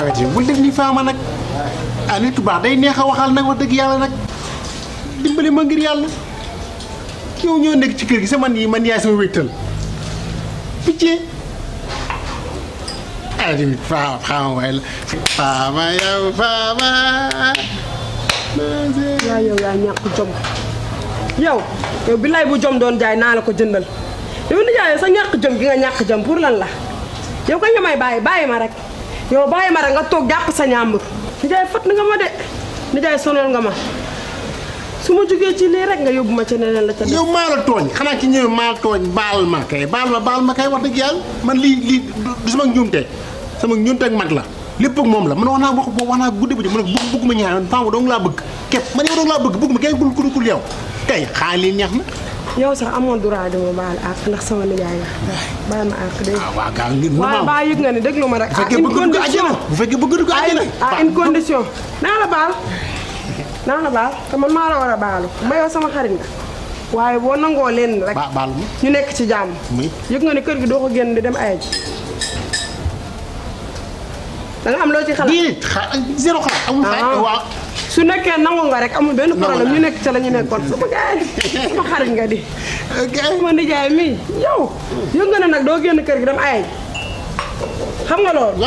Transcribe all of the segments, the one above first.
faa nga ni faama nag ah nit bu baax day neex a waxal nag wax dëgg yàlla nag dimbali ma ngir yàlla yow ñoo nekk ci kër gi sama yi man yaay sama wéttal piccee ah tamit faama la ñàkk jom yow billaay bu jom doon jaay naa la ko jëndal yow ni jaay sa ñàkk jom gi nga ñàkk jom pour lan la yow kañ nga may bàyyi bàyyi ma rek. yow bàyyi ma rek nga toog jàpp sa ñàmbur nijaay fat nga ma de nijaay sonal nga ma su ma jógee ci lii rek nga yóbbu ma ci neneen la ca maa la tooñ xanaa ki ñëw maa la tooñ baal ma kay baal ma baal yàlla man lii lii du sama njuumte sama njuumte mag la lépp moom la man wax naa wax wax naa guddi bu ji man bëgg ma ñaan faamu dong laa bëgg képp man yow dong laa bëgg bëgg ma kenn kul kul yow kay xaalis ñax na yow sax amoon droit di ma baal àq ndax sama nijaay la baal ma àq de. ah waa gaa ngir waaye baa yëg nga ne déglu ma rek. ah une ah, naa la baal naa la baal te maa la war a baalu ba yow sama xarit nga waaye boo nangoo leen rek. baal ma ñu nekk ci jàmm. yëg nga ne kër gi doo ko génn di dem aya ji. am loo ci am déedéet xa zéro xalaat amul. Ah. waaw su nekkee nangu nga rek amul benn problème ñu nekk ca la ñu nekkoon sama gaay sama xarit nga di ma nijaay mi yow yëg nga ne nag doo génn kër gi dem ay xam nga loolu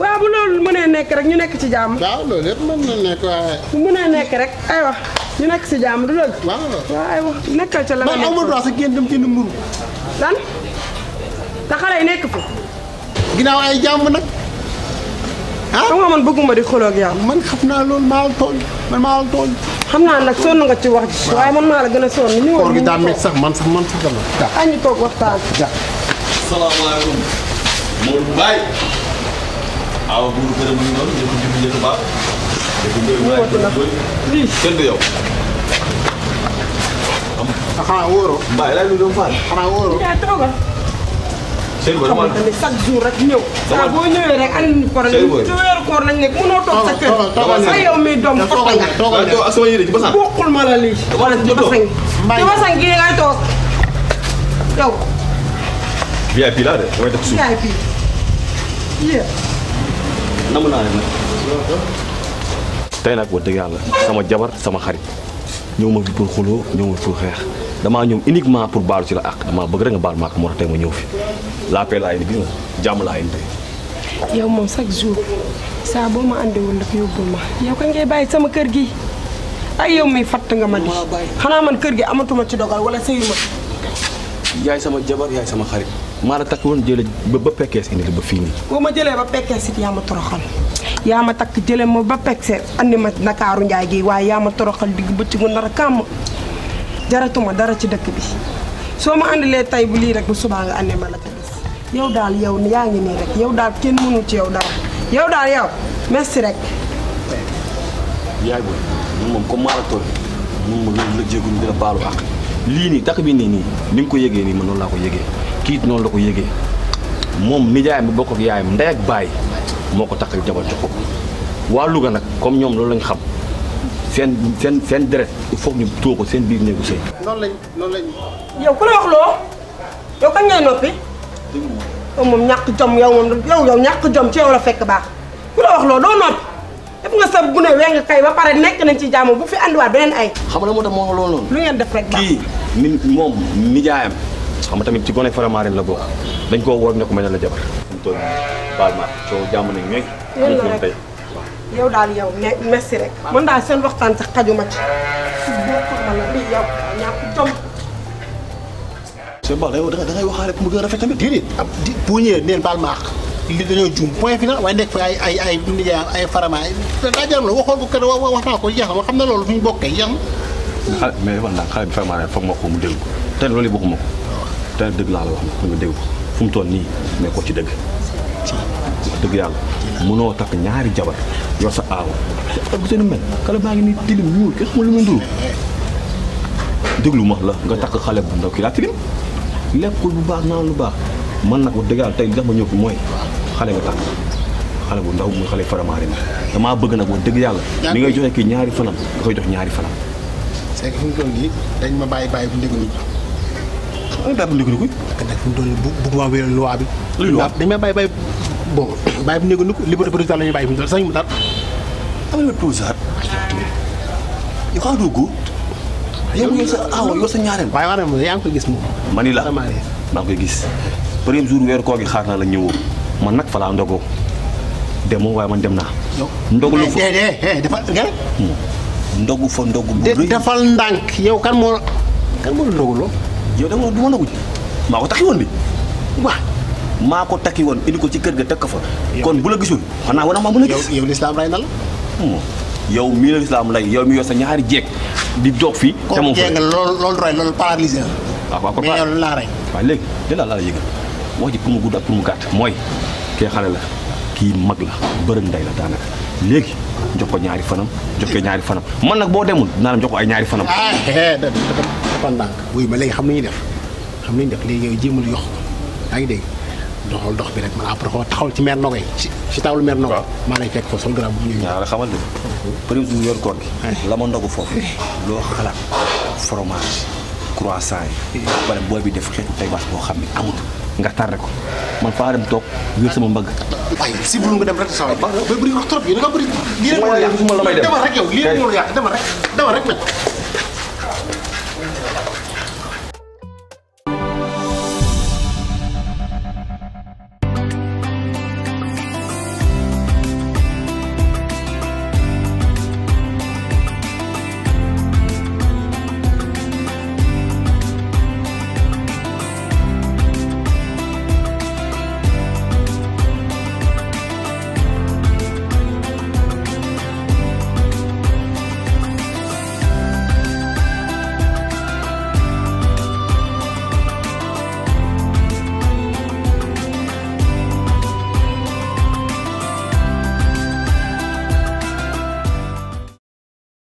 waaw bu loolu nekk rek ñu nekk ci jàmm waaw loolu yëpp rek aywa ñu nekk ci jàmm du dëgg waaw waaw aywa nekkal ca la nga nekk man sa génn dem génn mburu lan te xale yi nekk fi ginnaaw ay jàmm nag ah xam nga man bëgguma di xuloo ak yow. man xam naa loolu maa la tooñ man maa la tooñ. xam naa nag sonn nga ci wax ji. waaye man maa la gën a sonn ñu. koor gi daa métti sax man sax man sax dama. ah ñu toog waxtaan. ja salaamaaleykum. Modou Mbaye. awa bu dul gërëm ñu noonu ñu ko jublu njëkk baax. wóotu na lii kenn du yow. xanaa wóoroo. Mbaye laaj bi doon faal xanaa wóoroo. yaa toogal. sëñ bi xamante ne chaque jour rek ñëw. saa boo ñëwee rek andi ñu koor lañu ci weeru koor lañ nekk mënoo toog sa kër. sa yow mi doom fott nga. ak sama yére ci basan. bokkul ma la lii. ci basan gi ngay toog yow. VIP laa de damay def suuf VIP. namu naa leen nag. tey nag wax dëgg yàlla sama jabar sama xarit ñëw ma fi pour xuloo ñëw ma fi pour xeex. damaa ñoom uniquement pour baalu ci la ak damaa bëgg rek nga baal ma ak moo tax tey ma ñëw fi la paix laa indi gis nga jàmm laa indi tey. yow moom chaque jour saa boo ma àndewul nag yóbbul ma yow kañ ngay bàyyi sama kër gi ay yow mi fatt nga ma di xanaa man kër gi amatuma ci dogal wala sëyu ma. yaay sama jabar yaay sama xarit. maa la takk woon jële ba ba pekkees indi la ba fii nii. boo ma jëlee ba pekkees it yaa ma toroxal yaa ma takk jële ma ba pekkees andi ma nakaaru njaay gi waaye yaa ma toroxal digg bëccëgu nar jaratuma dara ci dëkk bi soo ma àndilee tay bu lii rek bu subaa nga andee ma la ca des daal yow yaa ngi nii rek yow daal kenn mënul ci yow dara yow daal yow merci rek. yaay booy man la toll mun lii nii takk bi nii nii ni nga ko yëgee nii man noonu laa ko yëgee kii noonu la ko yëgee moom nijaayam bu bokk ak yaayam ndey ak baay moo ko takkal jabar jox ko waa Louga nag comme ñoom loolu lañ xam. seen seen seen deret il faut ñu tuur seen biir néegu sëy. noonu lañ noonu lañ. yow ku la wax loo yow kañ ngay noppi. yow moom ñàkk jom yow moom yow yow ñàkk jom ci yow la fekk baax ku la wax loo doo noppi. def nga sa gune weng kay ba pare nekk nañ ci jàmm bu fi waa beneen ay. xam nga moo moo loolu noonu. lu ngeen def rek kii mi moom nijaayam. xam nga tamit ci gone faramaareen la bokk dañ koo wóor ne ko mel ne la jabar. fi mu toll nii baal ma coow jàmm nañ ñooy. yéen la rek yow daal yow merci rek. man daal seen waxtaan sax xajuma ci. su bokkul ma la lii yow ñàkk jom. sëñ Ba mu gën a rafet tamit déedéet. am di boo ñëwee neen baal ma àq li dañoo juum point final waaye nekk fa ay ay ay nijaayam ay farama ay daa la waxoon ko kër wax naa ko jeex na xam na loolu fu ñu bokkee jeex na. ma ah, mais wax naa xale bi ne foog ma ko mu dégg te loolu yëpp waxuma ko. dëgg fu mu toll nii mais koo ci dëgg. wax dëgg yàlla mënoo takk ñaari jabar yor aaw ak seeni mel ngi ni tilim déglu ma la nga takk xale bu ndaw kii laa bu baax naan lu baax man nag wax dëgg tey li mooy xale nga takk xale bu ndaw muy xale faramaari damaa bëgg nag wax dëgg yàlla li ngay joxe kii ñaari fanam nga koy jox ñaari fanam bon bàyyi bu néegu nu ko liberté provisoire la ñuy bàyyi bu ñu mu daal. am na provisoire. yow xaar dugg. yow yow sa awa yow sa ñaareel. waaye wax yaa ngi koy gis moom. mani la koy gis. premier jour weeru koor gi xaar naa la ñëwoo man nag fa laa ndogoo demoo waaye man dem naa. ndogu la eh, fa déedéet eh, eh, defal nga. Hmm. ndogu fa bu rëy defal ndànk yow kan moo kan moo la ndoguloo. yow da du ma ndogu ji maa ko taxi woon bi maa ko takki woon indi ko ci kër ga tëkk fa. kon bu la gisul xanaa war na maa mën a gis. yow lislaam rey na yow mii la lislaam lay yow mi yor sa ñaari jeeg di doog fii. te moom fële loolu loolu rey loolu paralysé la. waaw mais yow laa rey. waaw léegi de la laa la yëgal wax ji pour mu gudd ak pour mu gàtt mooy kee xale la kii mag la bërëm ndey la daanaka léegi jox ko ñaari fanam jox ko ñaari fanam man nag boo demul dinaa la jox ko ay ñaari fanam. ah ba dafa dafa ndànk. léegi xam nañu def xam nañu def léegi yow jéemal yox ngi dégg doxal dox bi rek man après xaw taxawal ci maire Nogay. ci ci taawul maire Nogay. maa lay fekk bu ñuy. la xamal de. premier jour yor koor gi. foofu. loo xalaat fromage croissant bi def xeetu tey boo xam ne amut. nga tardé ko man faa dem toog wér nga dem rek sa waay. Ah, ah. ba bëri wax demal rek yow demal rek demal